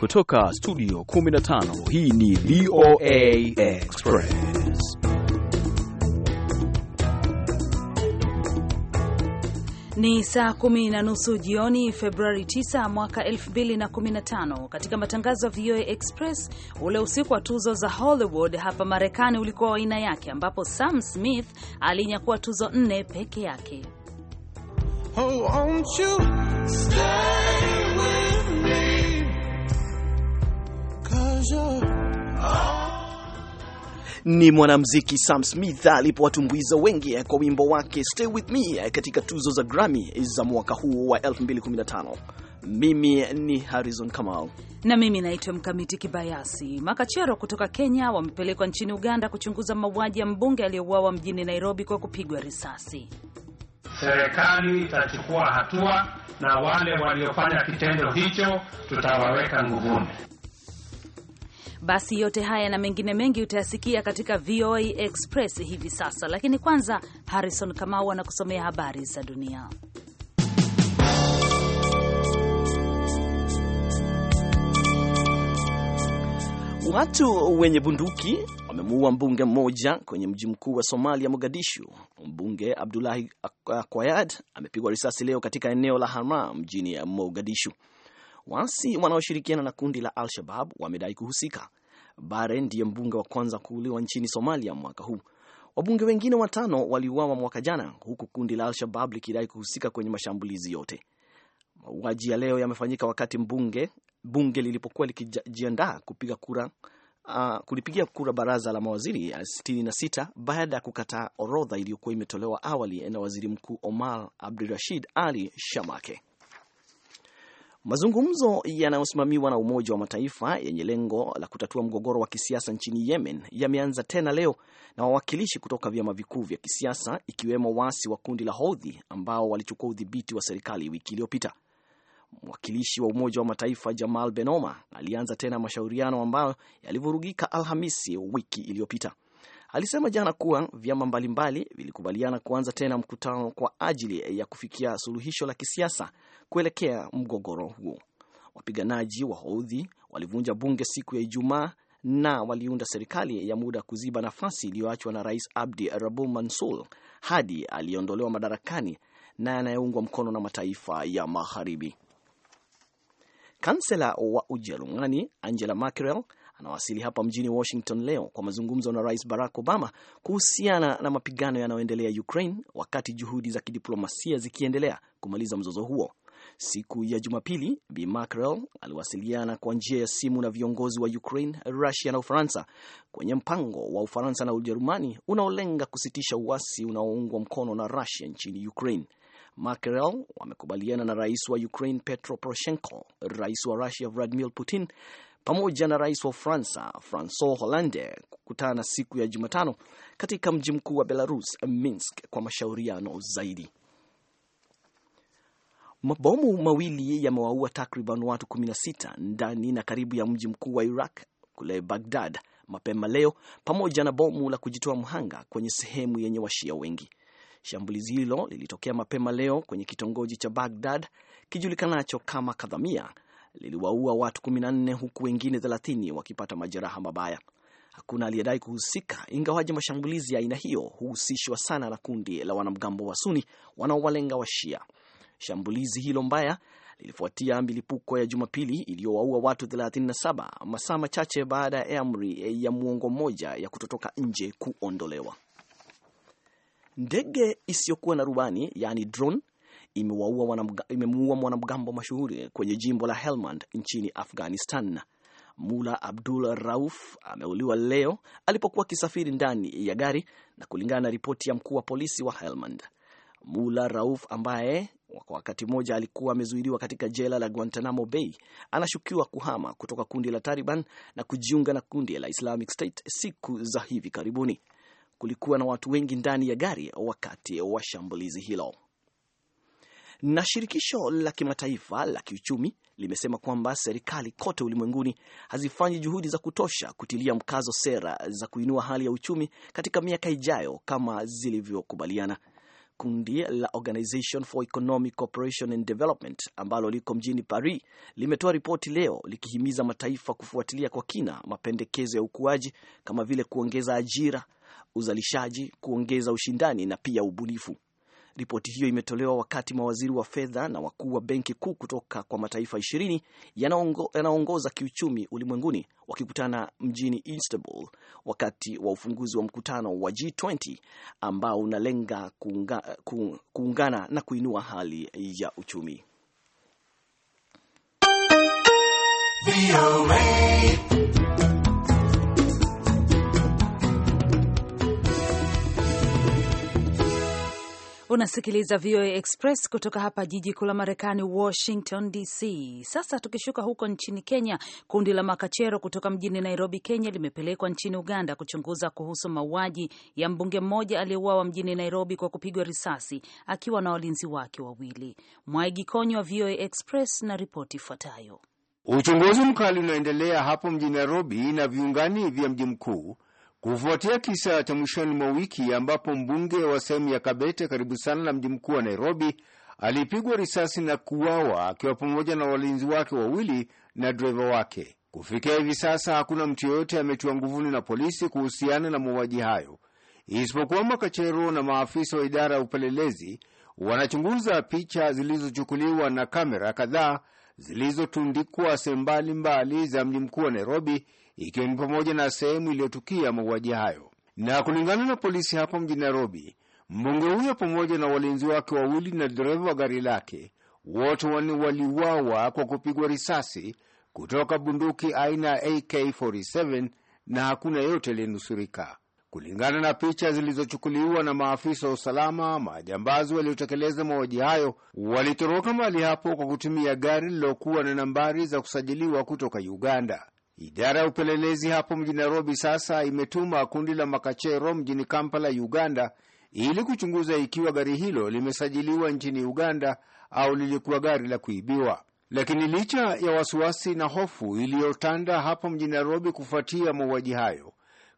Kutoka studio 15 hii ni VOA Express. Ni saa kumi na nusu jioni Februari 9 mwaka 2015. Katika matangazo ya VOA Express, ule usiku wa tuzo za Hollywood hapa Marekani ulikuwa wa aina yake, ambapo Sam Smith alinyakua tuzo nne peke yake. Oh, Ni mwanamuziki Sam Smith alipowatumbuiza wengi kwa wimbo wake Stay With Me katika tuzo za Grammy za mwaka huu wa 2015. Mimi ni Harrison Kamau na mimi naitwa Mkamiti Kibayasi. Makachero kutoka Kenya wamepelekwa nchini Uganda kuchunguza mauaji ya mbunge aliyeuawa mjini Nairobi kwa kupigwa risasi. Serikali itachukua hatua na wale waliofanya kitendo hicho tutawaweka nguvuni. Basi yote haya na mengine mengi utayasikia katika VOA Express hivi sasa, lakini kwanza Harrison Kamau anakusomea habari za dunia. Watu wenye bunduki wamemuua mbunge mmoja kwenye mji mkuu wa Somalia, Mogadishu. Mbunge Abdulahi Akwayad amepigwa risasi leo katika eneo la Hama mjini Mogadishu. Waasi wanaoshirikiana na kundi la Al-Shabab wamedai kuhusika, Bare ndiye mbunge wa kwanza kuuliwa nchini Somalia mwaka huu. Wabunge wengine watano waliuawa mwaka jana, huku kundi la Al-Shabab likidai kuhusika kwenye mashambulizi yote. Mauaji ya leo yamefanyika wakati mbunge bunge lilipokuwa likijiandaa kupiga kura uh, kulipigia kura baraza la mawaziri 66 baada ya kukataa orodha iliyokuwa imetolewa awali na waziri mkuu Omar abdurashid Ali Shamake. Mazungumzo yanayosimamiwa na Umoja wa Mataifa yenye lengo la kutatua mgogoro wa kisiasa nchini Yemen yameanza tena leo na wawakilishi kutoka vyama vikuu vya kisiasa ikiwemo waasi wa kundi la Houthi ambao walichukua udhibiti wa serikali wiki iliyopita. Mwakilishi wa Umoja wa Mataifa Jamal benoma alianza tena mashauriano ambayo yalivurugika Alhamisi wiki iliyopita. Alisema jana kuwa vyama mbalimbali vilikubaliana kuanza tena mkutano kwa ajili ya kufikia suluhisho la kisiasa kuelekea mgogoro huo. Wapiganaji wa Houthi walivunja bunge siku ya Ijumaa na waliunda serikali ya muda kuziba nafasi iliyoachwa na Rais Abdi Rabu Mansur hadi aliyeondolewa madarakani na yanayoungwa mkono na mataifa ya Magharibi. Kansela wa Ujerumani Angela Merkel anawasili hapa mjini Washington leo kwa mazungumzo na Rais Barack Obama kuhusiana na mapigano yanayoendelea Ukraine, wakati juhudi za kidiplomasia zikiendelea kumaliza mzozo huo. Siku ya Jumapili, Bi Merkel aliwasiliana kwa njia ya simu na viongozi wa Ukraine, Rusia na Ufaransa kwenye mpango wa Ufaransa na Ujerumani unaolenga kusitisha uasi unaoungwa mkono na Rusia nchini Ukraine. Merkel wamekubaliana na rais wa Ukraine Petro Poroshenko, rais wa Rusia Vladimir Putin pamoja na rais wa Ufaransa Francois Hollande kukutana siku ya Jumatano katika mji mkuu wa Belarus, Minsk, kwa mashauriano zaidi. Mabomu mawili yamewaua takriban watu 16 ndani na karibu ya mji mkuu wa Iraq kule Bagdad mapema leo, pamoja na bomu la kujitoa mhanga kwenye sehemu yenye washia wengi. Shambulizi hilo lilitokea mapema leo kwenye kitongoji cha Bagdad kijulikanacho kama Kadhamia liliwaua watu 14 huku wengine 30 wakipata majeraha mabaya. Hakuna aliyedai kuhusika, ingawaje mashambulizi ya aina hiyo huhusishwa sana na kundi la wanamgambo wa Suni wanaowalenga wa Shia. Shambulizi hilo mbaya lilifuatia milipuko ya Jumapili iliyowaua watu 37 masaa machache baada ya amri ya muongo mmoja ya kutotoka nje kuondolewa. Ndege isiyokuwa na rubani yaani drone imemuua mwanamgambo mashuhuri kwenye jimbo la Helmand nchini Afghanistan. Mula Abdul Rauf ameuliwa leo alipokuwa akisafiri ndani ya gari, na kulingana na ripoti ya mkuu wa polisi wa Helmand, Mula Rauf ambaye kwa wakati mmoja alikuwa amezuiliwa katika jela la Guantanamo Bay anashukiwa kuhama kutoka kundi la Taliban na kujiunga na kundi la Islamic State siku za hivi karibuni. Kulikuwa na watu wengi ndani ya gari wakati wa shambulizi hilo. Na shirikisho la kimataifa la kiuchumi limesema kwamba serikali kote ulimwenguni hazifanyi juhudi za kutosha kutilia mkazo sera za kuinua hali ya uchumi katika miaka ijayo kama zilivyokubaliana. Kundi la Organization for Economic Cooperation and Development ambalo liko mjini Paris limetoa ripoti leo likihimiza mataifa kufuatilia kwa kina mapendekezo ya ukuaji kama vile kuongeza ajira, uzalishaji, kuongeza ushindani na pia ubunifu. Ripoti hiyo imetolewa wakati mawaziri wa fedha na wakuu wa benki kuu kutoka kwa mataifa ishirini yanaongoza kiuchumi ulimwenguni wakikutana mjini Istanbul wakati wa ufunguzi wa mkutano wa G20 ambao unalenga kuunga, kuungana na kuinua hali ya uchumi. Unasikiliza VOA Express kutoka hapa jiji kuu la Marekani, Washington DC. Sasa tukishuka huko nchini Kenya, kundi la makachero kutoka mjini Nairobi, Kenya, limepelekwa nchini Uganda kuchunguza kuhusu mauaji ya mbunge mmoja aliyeuawa mjini Nairobi kwa kupigwa risasi akiwa na walinzi wake wawili. Mwaigi Konyo wa VOA Express na ripoti ifuatayo. Uchunguzi mkali unaendelea hapo mjini Nairobi na viungani vya mji mkuu Kufuatia kisa cha mwishoni mwa wiki ambapo mbunge wa sehemu ya Kabete karibu sana na mji mkuu wa Nairobi alipigwa risasi na kuuawa akiwa pamoja na walinzi wake wawili na dreva wake. Kufikia hivi sasa hakuna mtu yoyote ametiwa nguvuni na polisi kuhusiana na mauaji hayo isipokuwa Makachero na maafisa wa idara ya upelelezi wanachunguza picha zilizochukuliwa na kamera kadhaa zilizotundikwa sehemu mbalimbali za mji mkuu wa Nairobi ikiwa ni pamoja na sehemu iliyotukia mauaji hayo. Na kulingana na polisi hapa mjini Nairobi, mbunge huyo pamoja na walinzi wake wawili na dereva wa gari lake wote wanne waliuawa kwa kupigwa risasi kutoka bunduki aina ya AK47 na hakuna yeyote aliyenusurika. Kulingana na picha zilizochukuliwa na maafisa wa usalama, majambazi waliotekeleza mauaji hayo walitoroka mahali hapo kwa kutumia gari lililokuwa na nambari za kusajiliwa kutoka Uganda. Idara ya upelelezi hapo mjini Nairobi sasa imetuma kundi la makachero mjini Kampala, Uganda, ili kuchunguza ikiwa gari hilo limesajiliwa nchini Uganda au lilikuwa gari la kuibiwa. Lakini licha ya wasiwasi na hofu iliyotanda hapo mjini Nairobi kufuatia mauaji hayo,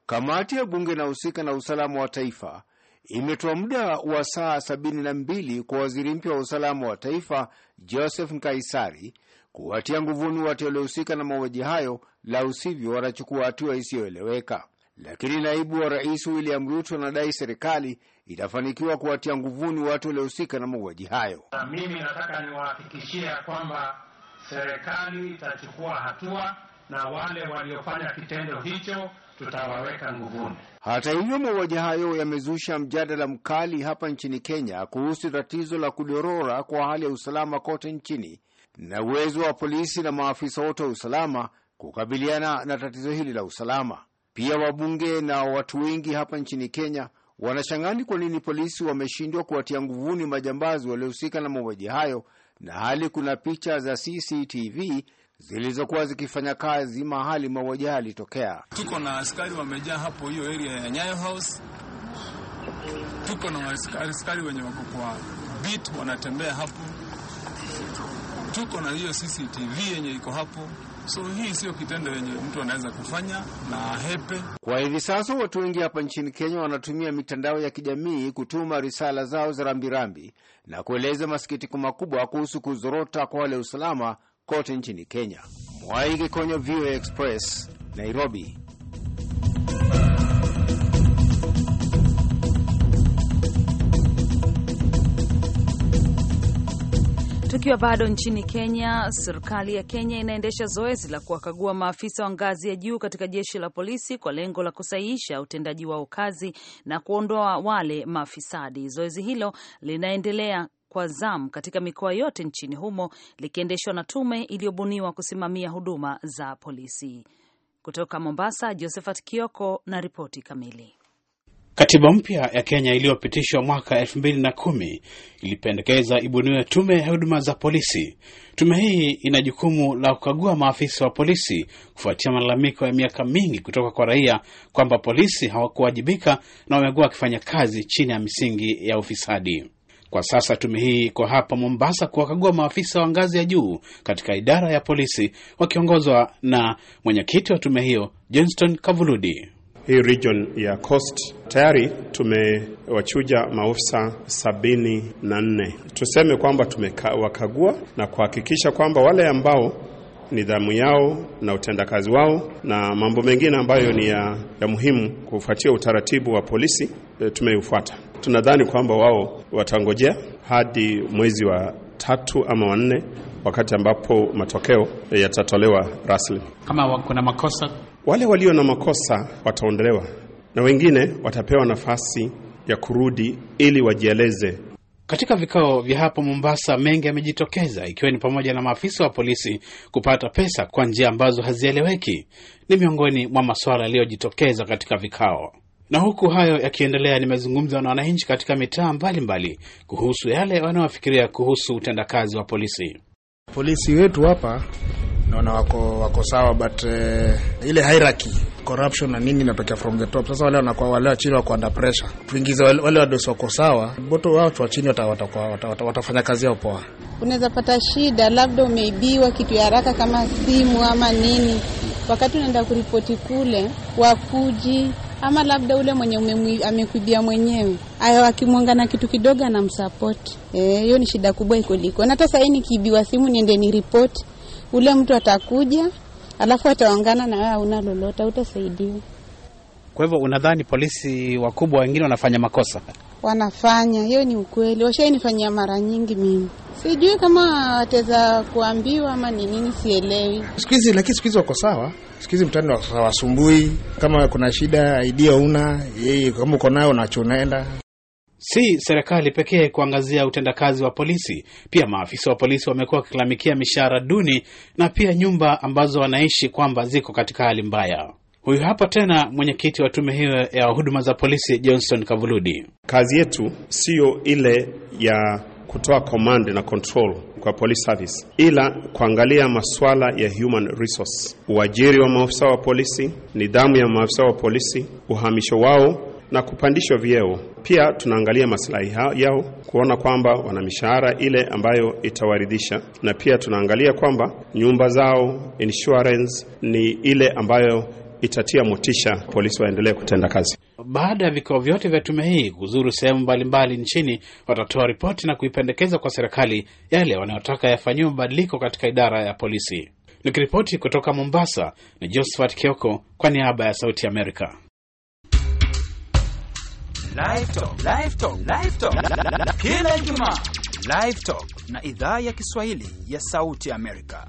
kamati ya bunge inahusika na usalama wa taifa imetoa muda wa saa 72 kwa waziri mpya wa usalama wa taifa Joseph Nkaisari kuwatia nguvuni watu waliohusika na mauaji hayo, la usivyo watachukua hatua isiyoeleweka. Lakini naibu wa rais William Ruto anadai serikali itafanikiwa kuwatia nguvuni watu waliohusika na mauaji hayo. Na mimi nataka niwahakikishie ya kwamba serikali itachukua hatua na wale waliofanya kitendo hicho tutawaweka nguvuni. Hata hivyo, mauaji hayo yamezusha mjadala mkali hapa nchini Kenya kuhusu tatizo la kudorora kwa hali ya usalama kote nchini na uwezo wa polisi na maafisa wote wa usalama kukabiliana na tatizo hili la usalama. Pia wabunge na watu wengi hapa nchini Kenya wanashangani kwa nini polisi wameshindwa kuwatia nguvuni majambazi waliohusika na mauaji hayo, na hali kuna picha za CCTV zilizokuwa zikifanya kazi mahali mauaji hayo yalitokea. Tuko na askari wamejaa hapo hiyo area ya Nyayo House, tuko na askari wenye wako kwa bit wanatembea hapo tuko na hiyo CCTV yenye iko hapo, so hii sio kitendo yenye mtu anaweza kufanya na hepe. Kwa hivi sasa watu wengi hapa nchini Kenya wanatumia mitandao ya kijamii kutuma risala zao za rambirambi na kueleza masikitiko makubwa kuhusu kuzorota kwa wale usalama kote nchini Kenya. Mwaige kwenye VOA Express, Nairobi. Tukiwa bado nchini Kenya, serikali ya Kenya inaendesha zoezi la kuwakagua maafisa wa ngazi ya juu katika jeshi la polisi kwa lengo la kusahihisha utendaji wao kazi na kuondoa wale mafisadi. Zoezi hilo linaendelea kwa zamu katika mikoa yote nchini humo likiendeshwa na tume iliyobuniwa kusimamia huduma za polisi. Kutoka Mombasa, Josephat Kioko na ripoti kamili. Katiba mpya ya Kenya iliyopitishwa mwaka elfu mbili na kumi ilipendekeza ibuniwe tume ya huduma za polisi. Tume hii ina jukumu la kukagua maafisa wa polisi kufuatia malalamiko ya miaka mingi kutoka kwa raia kwamba polisi hawakuwajibika na wamekuwa wakifanya kazi chini ya misingi ya ufisadi. Kwa sasa tume hii iko hapa Mombasa kuwakagua maafisa wa ngazi ya juu katika idara ya polisi wakiongozwa na mwenyekiti wa tume hiyo Johnston Kavuludi hii region ya Coast tayari tumewachuja maofisa sabini na nne. Tuseme kwamba tumewakagua na kuhakikisha kwamba wale ambao nidhamu yao na utendakazi wao na mambo mengine ambayo ni ya, ya muhimu kufuatia utaratibu wa polisi e, tumeufuata. Tunadhani kwamba wao watangojea hadi mwezi wa tatu ama wanne wakati ambapo matokeo e, yatatolewa rasmi. Kama kuna makosa wale walio na makosa wataondolewa na wengine watapewa nafasi ya kurudi ili wajieleze. Katika vikao vya hapo Mombasa, mengi yamejitokeza, ikiwa ni pamoja na maafisa wa polisi kupata pesa kwa njia ambazo hazieleweki. Ni miongoni mwa masuala yaliyojitokeza katika vikao. Na huku hayo yakiendelea, nimezungumza na wananchi katika mitaa mbalimbali kuhusu yale wanayofikiria kuhusu utendakazi wa polisi. Polisi wetu hapa naona wako wako sawa, but uh, ile hierarchy corruption na nini inatokea from the top. Sasa wale wanakuwa wale wa chini wako under pressure, tuingize wale wadosi wako sawa, boto watu wa chini watafanya kazi yao poa. Unaweza pata shida, labda umeibiwa kitu ya haraka kama simu ama nini, wakati unaenda kuripoti kule wakuji ama labda ule mwenye amekuibia mwenyewe, ayo akimwanga na kitu kidogo anamsapoti. Eh, hiyo e, ni shida kubwa ikoliko Na hata saa nikiibiwa simu niende ni ripoti, ule mtu atakuja alafu ataongana na wewe, hauna lolote, utasaidiwa. Kwa hivyo unadhani polisi wakubwa wengine wanafanya makosa? wanafanya hiyo ni ukweli, washainifanyia mara nyingi. Mimi sijui kama wataweza kuambiwa ama ni nini, sielewi siku hizi, lakini siku hizi wako sawa. Siku hizi mtani wasumbui, kama kuna shida idea una yeye, kama uko nayo nacho unaenda. Si serikali pekee kuangazia utendakazi wa polisi, pia maafisa wa polisi wamekuwa wakilalamikia mishahara duni na pia nyumba ambazo wanaishi kwamba ziko katika hali mbaya. Huyu hapa tena mwenyekiti wa tume hiyo ya huduma za polisi Johnson Kavuludi. Kazi yetu siyo ile ya kutoa command na control kwa police service, ila kuangalia masuala ya human resource, uajiri wa maafisa wa polisi, nidhamu ya maafisa wa polisi, uhamisho wao na kupandishwa vyeo. Pia tunaangalia masilahi yao kuona kwamba wana mishahara ile ambayo itawaridhisha, na pia tunaangalia kwamba nyumba zao, insurance ni ile ambayo itatia motisha polisi waendelee kutenda kazi. Baada ya vikao vyote vya tume hii kuzuru sehemu mbalimbali nchini, watatoa ripoti na kuipendekeza kwa serikali yale wanayotaka yafanyiwe mabadiliko katika idara ya polisi. Nikiripoti kutoka Mombasa ni Josephat Kioko kwa niaba ya Sauti Amerika. Kila Ijumaa Live Talk na idhaa ya Kiswahili ya Sauti Amerika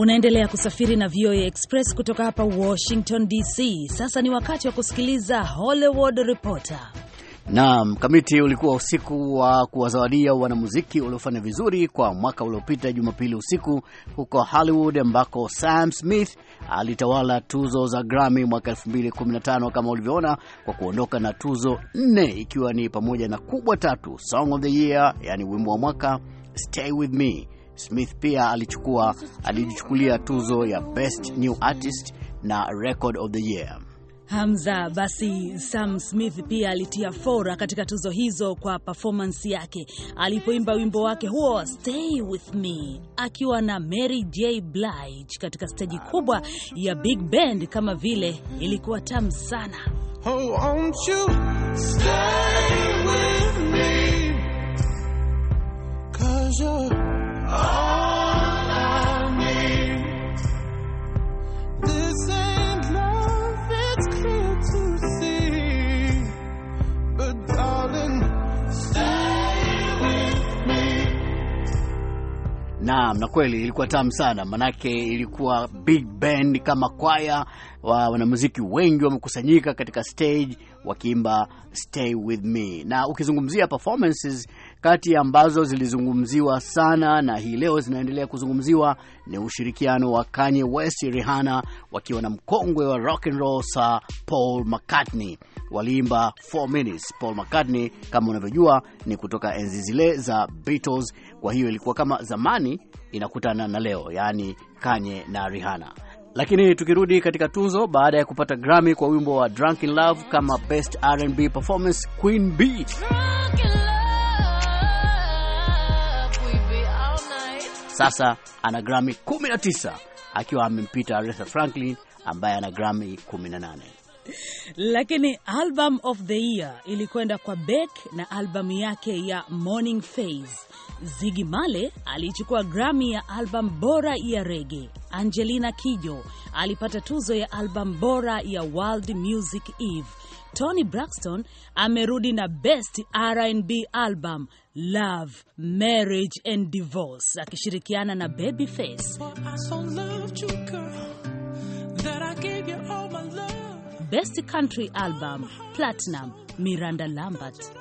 Unaendelea kusafiri na VOA Express kutoka hapa Washington DC. Sasa ni wakati wa kusikiliza Hollywood Reporter. Naam, Kamiti, ulikuwa usiku wa kuwazawadia wanamuziki waliofanya vizuri kwa mwaka uliopita Jumapili usiku huko Hollywood, ambako Sam Smith alitawala tuzo za Grammy mwaka 2015 kama ulivyoona, kwa kuondoka na tuzo nne, ikiwa ni pamoja na kubwa tatu, Song of the Year, yani wimbo wa mwaka, Stay With Me Smith pia alichukua alijichukulia tuzo ya Best New Artist na Record of the Year. Hamza, basi Sam Smith pia alitia fora katika tuzo hizo kwa performance yake alipoimba wimbo wake huo Stay With Me akiwa na Mary J Blige katika steji kubwa ya Big band Kama vile ilikuwa tamu sana. Oh, won't you stay with me? Naam, na kweli ilikuwa tamu sana, manake ilikuwa big band kama kwaya wa wanamuziki wengi wamekusanyika katika stage wakiimba stay with me. Na ukizungumzia performances kati ambazo zilizungumziwa sana na hii leo zinaendelea kuzungumziwa ni ushirikiano wa Kanye West, Rihanna wakiwa na mkongwe wa rock and roll Sir Paul McCartney. Waliimba 4 minutes. Paul McCartney kama unavyojua ni kutoka enzi zile za Beatles, kwa hiyo ilikuwa kama zamani inakutana na leo, yaani Kanye na Rihanna. Lakini tukirudi katika tuzo, baada ya kupata Grammy kwa wimbo wa Drunk in Love kama Best R&B Performance, Queen Bee sasa ana grami 19 akiwa amempita Aretha Franklin ambaye ana grami 18. Lakini album of the year ilikwenda kwa Beck na albamu yake ya Morning Phase. Ziggy Male alichukua Grammy ya album bora ya rege. Angelina Kijo alipata tuzo ya album bora ya World Music Eve. Tony Braxton amerudi na best R&B album Love, Marriage and Divorce akishirikiana na Babyface. Best Country Album, Platinum, Miranda Lambert.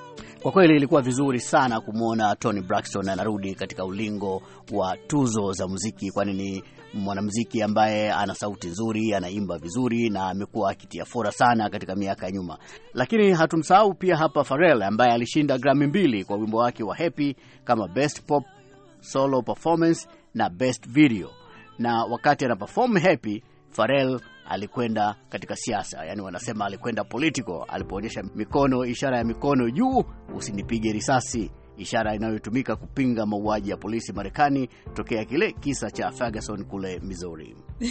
Kwa kweli ilikuwa vizuri sana kumwona Tony Braxton anarudi katika ulingo wa tuzo za muziki, kwani ni mwanamuziki ambaye ana sauti nzuri, anaimba vizuri na amekuwa akitia fora sana katika miaka ya nyuma. Lakini hatumsahau pia hapa farel ambaye alishinda Grammy mbili kwa wimbo wake wa Happy kama Best Pop Solo Performance na Best Video, na wakati anaperform Happy farel alikwenda katika siasa, yani wanasema alikwenda political, alipoonyesha mikono, ishara ya mikono juu, usinipige risasi ishara inayotumika kupinga mauaji ya polisi Marekani tokea kile kisa cha Ferguson kule Missouri.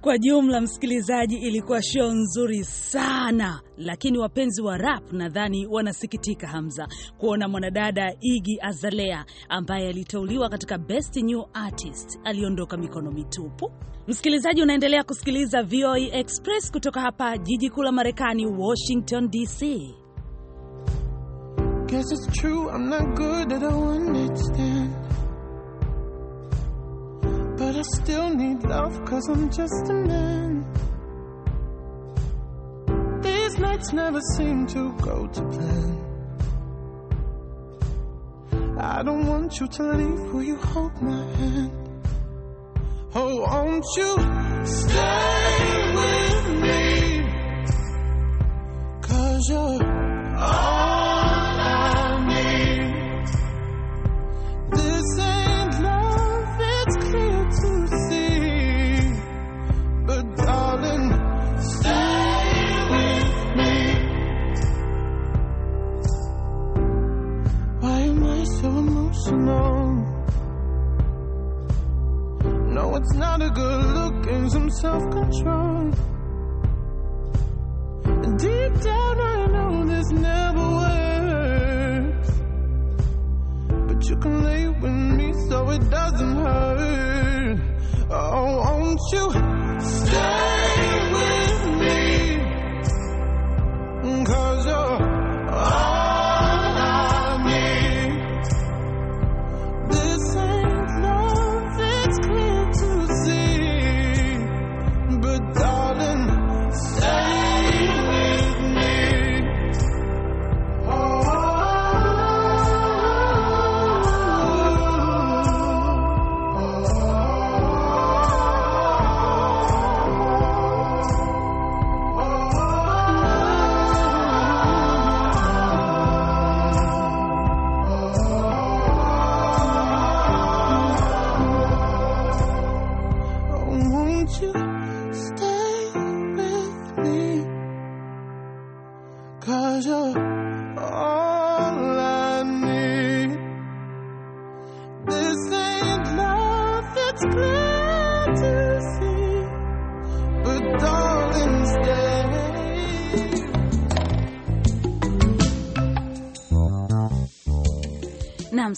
Kwa jumla, msikilizaji, ilikuwa show nzuri sana, lakini wapenzi wa rap nadhani wanasikitika, Hamza, kuona mwanadada Iggy Azalea ambaye aliteuliwa katika Best New Artist aliondoka mikono mitupu. Msikilizaji, unaendelea kusikiliza VOA e Express kutoka hapa jiji kuu la Marekani, Washington DC. Guess it's true, I'm not good at a But I still need love, cause I'm just a man. These nights never seem to go to plan. I don't want you to leave, will you hold my hand? Oh, won't you stay with me? Cause you're all. No, it's not a good look and some self control. Deep down, I know this never works. But you can lay with me so it doesn't hurt. Oh, won't you stay with me? Cause you're.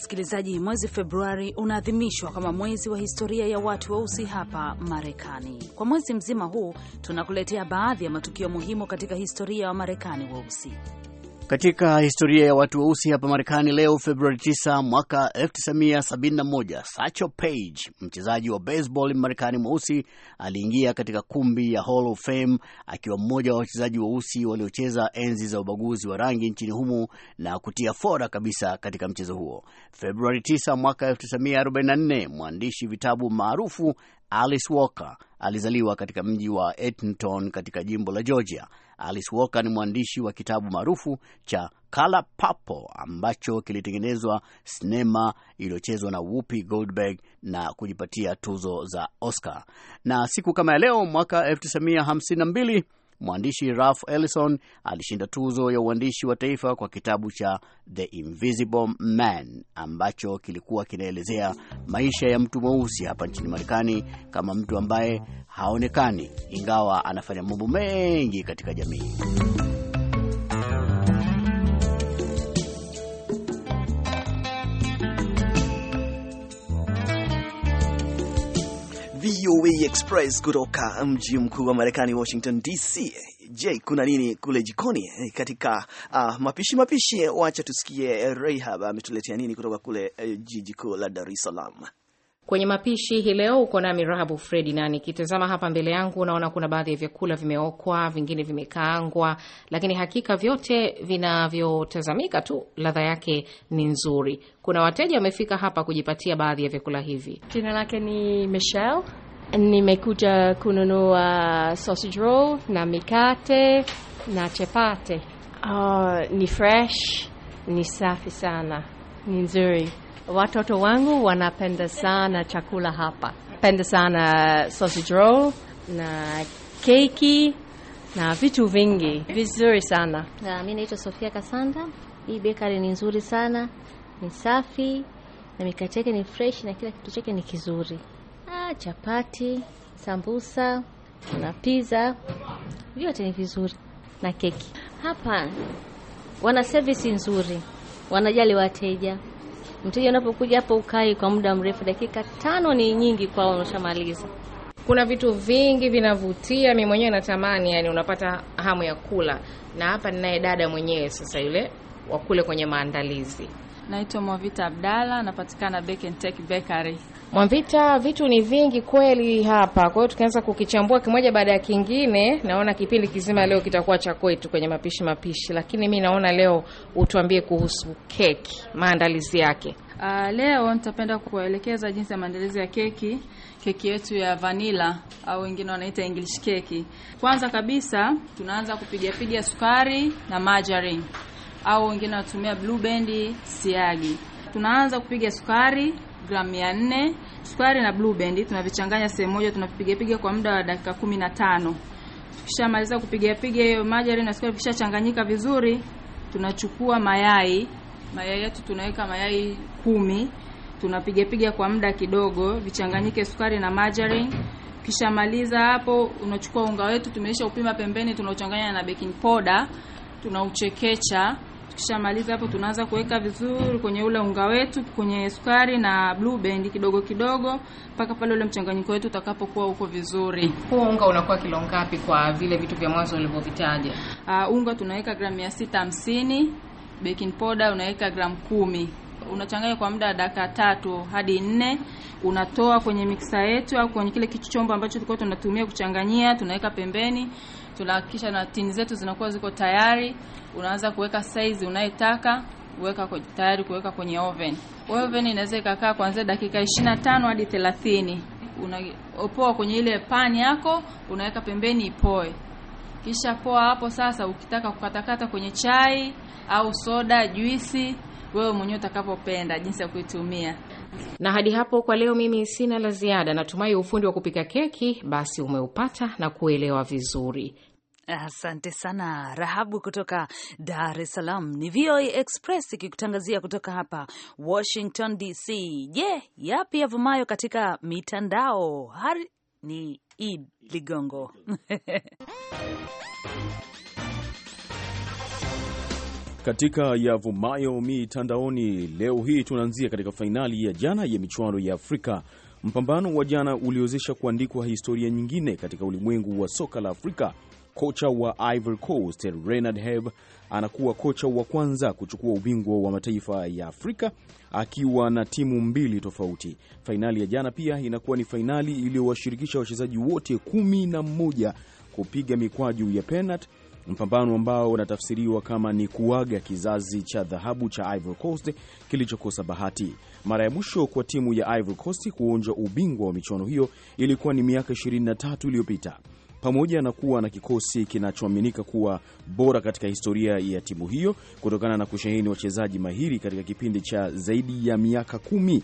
msikilizaji, mwezi Februari unaadhimishwa kama mwezi wa historia ya watu weusi wa hapa Marekani. Kwa mwezi mzima huu tunakuletea baadhi ya matukio muhimu katika historia ya Wamarekani weusi wa katika historia ya watu weusi hapa Marekani leo Februari 9 mwaka 1971, Satchel Paige, mchezaji wa baseball Marekani mweusi, aliingia katika kumbi ya Hall of Fame akiwa mmoja wa wachezaji weusi waliocheza enzi za ubaguzi wa rangi nchini humo na kutia fora kabisa katika mchezo huo. Februari 9 mwaka 1944, mwandishi vitabu maarufu Alice Walker alizaliwa katika mji wa Eatonton katika jimbo la Georgia. Alice Walker ni mwandishi wa kitabu maarufu cha Color Purple ambacho kilitengenezwa sinema iliyochezwa na Whoopi Goldberg na kujipatia tuzo za Oscar. Na siku kama ya leo mwaka 1952 Mwandishi Ralph Ellison alishinda tuzo ya uandishi wa taifa kwa kitabu cha The Invisible Man ambacho kilikuwa kinaelezea maisha ya mtu mweusi hapa nchini Marekani kama mtu ambaye haonekani ingawa anafanya mambo mengi katika jamii. VOA Express kutoka mji mkuu wa Marekani, Washington DC. Je, kuna nini kule jikoni katika uh, mapishi mapishi? Wacha tusikie Rehab ametuletea nini kutoka kule uh, jiji kuu la Dar es Salaam. Kwenye mapishi hii leo uko nami Rahabu Fredi, na nikitazama hapa mbele yangu naona kuna baadhi ya vyakula vimeokwa, vingine vimekaangwa, lakini hakika vyote vinavyotazamika tu ladha yake ni nzuri. Kuna wateja wamefika hapa kujipatia baadhi ya vyakula hivi. Jina lake ni Michelle. Nimekuja kununua sausage roll na mikate na chapati. Uh, ni fresh, ni safi sana, ni nzuri. Watoto wangu wanapenda sana chakula hapa, penda sana sausage roll na keki na vitu vingi vizuri sana. Na mimi naitwa Sofia Kasanda. Hii bakery ni nzuri sana, ni safi na mikate yake ni fresh na kila kitu chake ni kizuri. Ah, chapati, sambusa na pizza vyote ni vizuri na keki. Hapa wana service nzuri, wanajali wateja. Mteja unapokuja hapo ukai kwa muda mrefu, dakika tano ni nyingi kwao, unashamaliza. Kuna vitu vingi vinavutia, mi mwenyewe natamani, yani unapata hamu ya kula. Na hapa ninaye dada mwenyewe sasa, yule wa kule kwenye maandalizi. Naitwa Mwavita Abdalla, napatikana Bake and Take Bakery Mwamvita, vitu ni vingi kweli hapa. Kwa hiyo tukianza kukichambua kimoja baada ya kingine, naona kipindi kizima leo kitakuwa cha kwetu kwenye mapishi mapishi, lakini mi naona leo utuambie kuhusu keki, maandalizi yake. Uh, leo nitapenda kuwaelekeza jinsi ya maandalizi ya keki, keki yetu ya vanila au wengine wanaita English keki. Kwanza kabisa tunaanza kupiga piga sukari na margarine au wengine wanatumia blue band siagi. Tunaanza kupiga sukari gramu nne, Sukari na blue band tunavichanganya sehemu moja, tunavipigapiga kwa muda wa dakika 15. Tukishamaliza kupigapiga hiyo margarine na sukari, kishachanganyika vizuri, tunachukua mayai. Mayai yetu tunaweka mayai kumi, tunapigapiga kwa muda kidogo, vichanganyike sukari na margarine. Ukishamaliza hapo, unachukua unga wetu tumeisha upima pembeni, tunauchanganya na baking powder, tunauchekecha Tukishamaliza hapo, tunaanza kuweka vizuri kwenye ule unga wetu, kwenye sukari na blue band kidogo kidogo, mpaka pale ule mchanganyiko wetu utakapokuwa uko vizuri. Huu unga unakuwa kilo ngapi kwa vile vitu vya mwanzo ulivyovitaja? Uh, ah, unga tunaweka gramu 650, baking powder unaweka gramu kumi, unachanganya kwa muda wa dakika tatu hadi nne unatoa kwenye mixer yetu au kwenye kile kichombo ambacho tulikuwa tunatumia kuchanganyia, tunaweka pembeni, tunahakikisha na tini zetu zinakuwa ziko tayari. Unaanza kuweka size unayotaka weka tayari kuweka kwenye oven. Oven inaweza ikakaa kuanzia dakika 25 hadi 30. Unapoa kwenye ile pan yako, unaweka pembeni ipoe. Kisha poa hapo sasa, ukitaka kukatakata kwenye chai au soda, juisi, wewe mwenyewe utakapopenda jinsi ya kuitumia. Na hadi hapo kwa leo, mimi sina la ziada. Natumai ufundi wa kupika keki basi umeupata na kuelewa vizuri. Asante sana Rahabu kutoka Dar es Salaam. Ni VOA Express ikikutangazia kutoka hapa Washington DC. Je, yeah, yapi yavumayo katika mitandao? Hari ni Id Ligongo katika yavumayo mitandaoni. Leo hii tunaanzia katika fainali ya jana ya michuano ya Afrika. Mpambano wa jana uliwezesha kuandikwa historia nyingine katika ulimwengu wa soka la Afrika. Kocha wa Ivory Coast Renard Heb anakuwa kocha wa kwanza kuchukua ubingwa wa mataifa ya Afrika akiwa na timu mbili tofauti. Fainali ya jana pia inakuwa ni fainali iliyowashirikisha wachezaji wote kumi na mmoja kupiga mikwaju ya penalti mpambano ambao unatafsiriwa kama ni kuaga kizazi cha dhahabu cha Ivory Coast kilichokosa bahati. Mara ya mwisho kwa timu ya Ivory Coast kuonja ubingwa wa michuano hiyo ilikuwa ni miaka 23 iliyopita. Pamoja na kuwa na kikosi kinachoaminika kuwa bora katika historia ya timu hiyo kutokana na kusheheni wachezaji mahiri katika kipindi cha zaidi ya miaka kumi,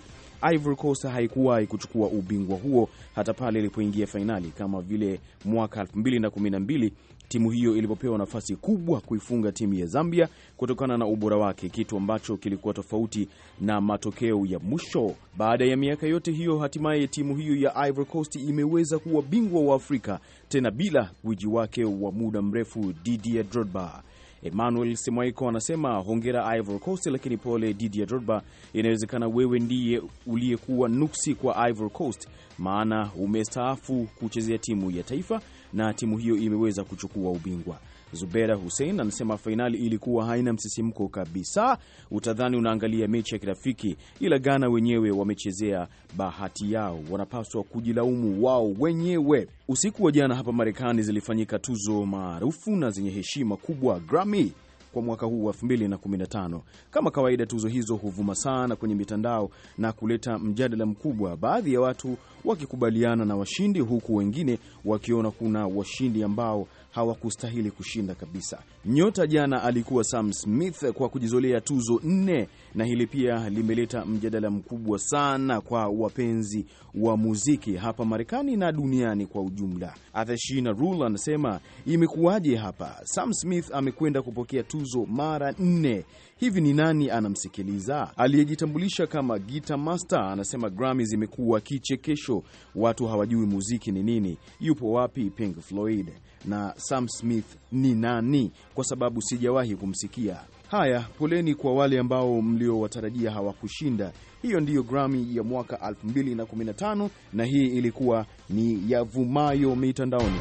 Ivory Coast haikuwahi kuchukua ubingwa huo hata pale ilipoingia fainali kama vile mwaka 2012 timu hiyo ilipopewa nafasi kubwa kuifunga timu ya Zambia kutokana na ubora wake, kitu ambacho kilikuwa tofauti na matokeo ya mwisho. Baada ya miaka yote hiyo, hatimaye timu hiyo ya Ivory Coast imeweza kuwa bingwa wa Afrika tena bila gwiji wake wa muda mrefu Didier Drogba. Emmanuel Semaiko anasema hongera Ivory Coast, lakini pole Didier Drogba, inawezekana wewe ndiye uliyekuwa nuksi kwa Ivory Coast, maana umestaafu kuchezea timu ya taifa na timu hiyo imeweza kuchukua ubingwa. Zubeda Hussein anasema fainali ilikuwa haina msisimko kabisa, utadhani unaangalia mechi ya kirafiki, ila Ghana wenyewe wamechezea bahati yao, wanapaswa kujilaumu wao wenyewe. Usiku wa jana hapa Marekani zilifanyika tuzo maarufu na zenye heshima kubwa Grammy kwa mwaka huu wa 2015. Kama kawaida, tuzo hizo huvuma sana kwenye mitandao na kuleta mjadala mkubwa, baadhi ya watu wakikubaliana na washindi, huku wengine wakiona kuna washindi ambao hawakustahili kushinda kabisa. Nyota jana alikuwa Sam Smith kwa kujizolea tuzo nne, na hili pia limeleta mjadala mkubwa sana kwa wapenzi wa muziki hapa Marekani na duniani kwa ujumla. Atheshina Rule anasema imekuwaje hapa? Sam Smith amekwenda kupokea tuzo mara nne, Hivi ni nani anamsikiliza? Aliyejitambulisha kama Gita Master anasema Grammy zimekuwa kichekesho, watu hawajui muziki ni nini, yupo wapi Pink Floyd na Sam Smith ni nani? Kwa sababu sijawahi kumsikia. Haya, poleni kwa wale ambao mliowatarajia hawakushinda. Hiyo ndiyo Grammy ya mwaka 2015 na hii ilikuwa ni yavumayo mitandaoni.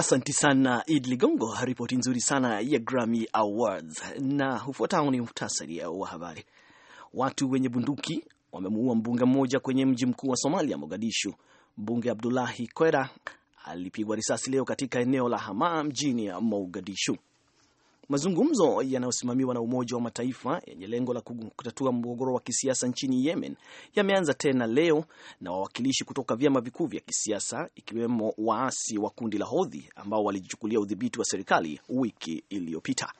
Asanti sana Id Ligongo, ripoti nzuri sana ya Grammy Awards. Na hufuatao ni muhtasari wa habari. Watu wenye bunduki wamemuua mbunge mmoja kwenye mji mkuu wa Somalia, Mogadishu. Mbunge Abdulahi Kwera alipigwa risasi leo katika eneo la Hamaa mjini Mogadishu. Mazungumzo yanayosimamiwa na Umoja wa Mataifa yenye lengo la kutatua mgogoro wa kisiasa nchini Yemen yameanza tena leo na wawakilishi kutoka vyama vikuu vya kisiasa ikiwemo waasi wa kundi la Hodhi ambao walijichukulia udhibiti wa serikali wiki iliyopita.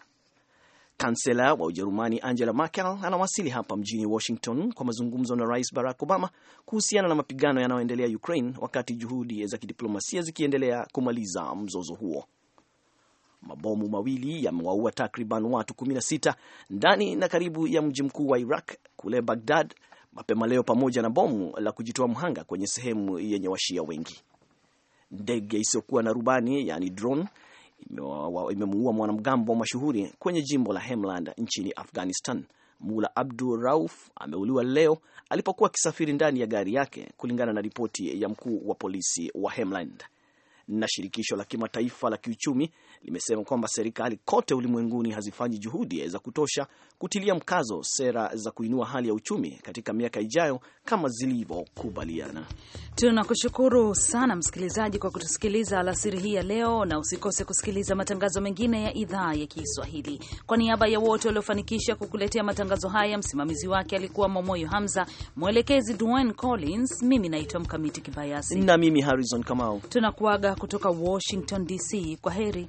Kansela wa Ujerumani Angela Merkel anawasili hapa mjini Washington kwa mazungumzo na Rais Barack Obama kuhusiana na mapigano yanayoendelea Ukraine, wakati juhudi za kidiplomasia zikiendelea kumaliza mzozo huo mabomu mawili yamewaua takriban watu 16 ndani na karibu ya mji mkuu wa Iraq kule bagdad mapema leo, pamoja na bomu la kujitoa mhanga kwenye sehemu yenye washia wengi. Ndege isiyokuwa na rubani yani drone imemuua mwanamgambo mashuhuri kwenye jimbo la Hemland nchini Afghanistan. Mula Abdul Rauf ameuliwa leo alipokuwa akisafiri ndani ya gari yake, kulingana na ripoti ya mkuu wa polisi wa Hemland na shirikisho la kimataifa la kiuchumi limesema kwamba serikali kote ulimwenguni hazifanyi juhudi za kutosha kutilia mkazo sera za kuinua hali ya uchumi katika miaka ijayo kama zilivyokubaliana. Tunakushukuru sana msikilizaji kwa kutusikiliza alasiri hii ya leo, na usikose kusikiliza matangazo mengine ya idhaa ya Kiswahili. Kwa niaba ya wote waliofanikisha kukuletea matangazo haya, msimamizi wake alikuwa Momoyo Hamza, mwelekezi Dwayne Collins, mimi naitwa Mkamiti Kibayasi na mimi Harrison Kamau tunakuaga kutoka Washington DC. Kwa heri.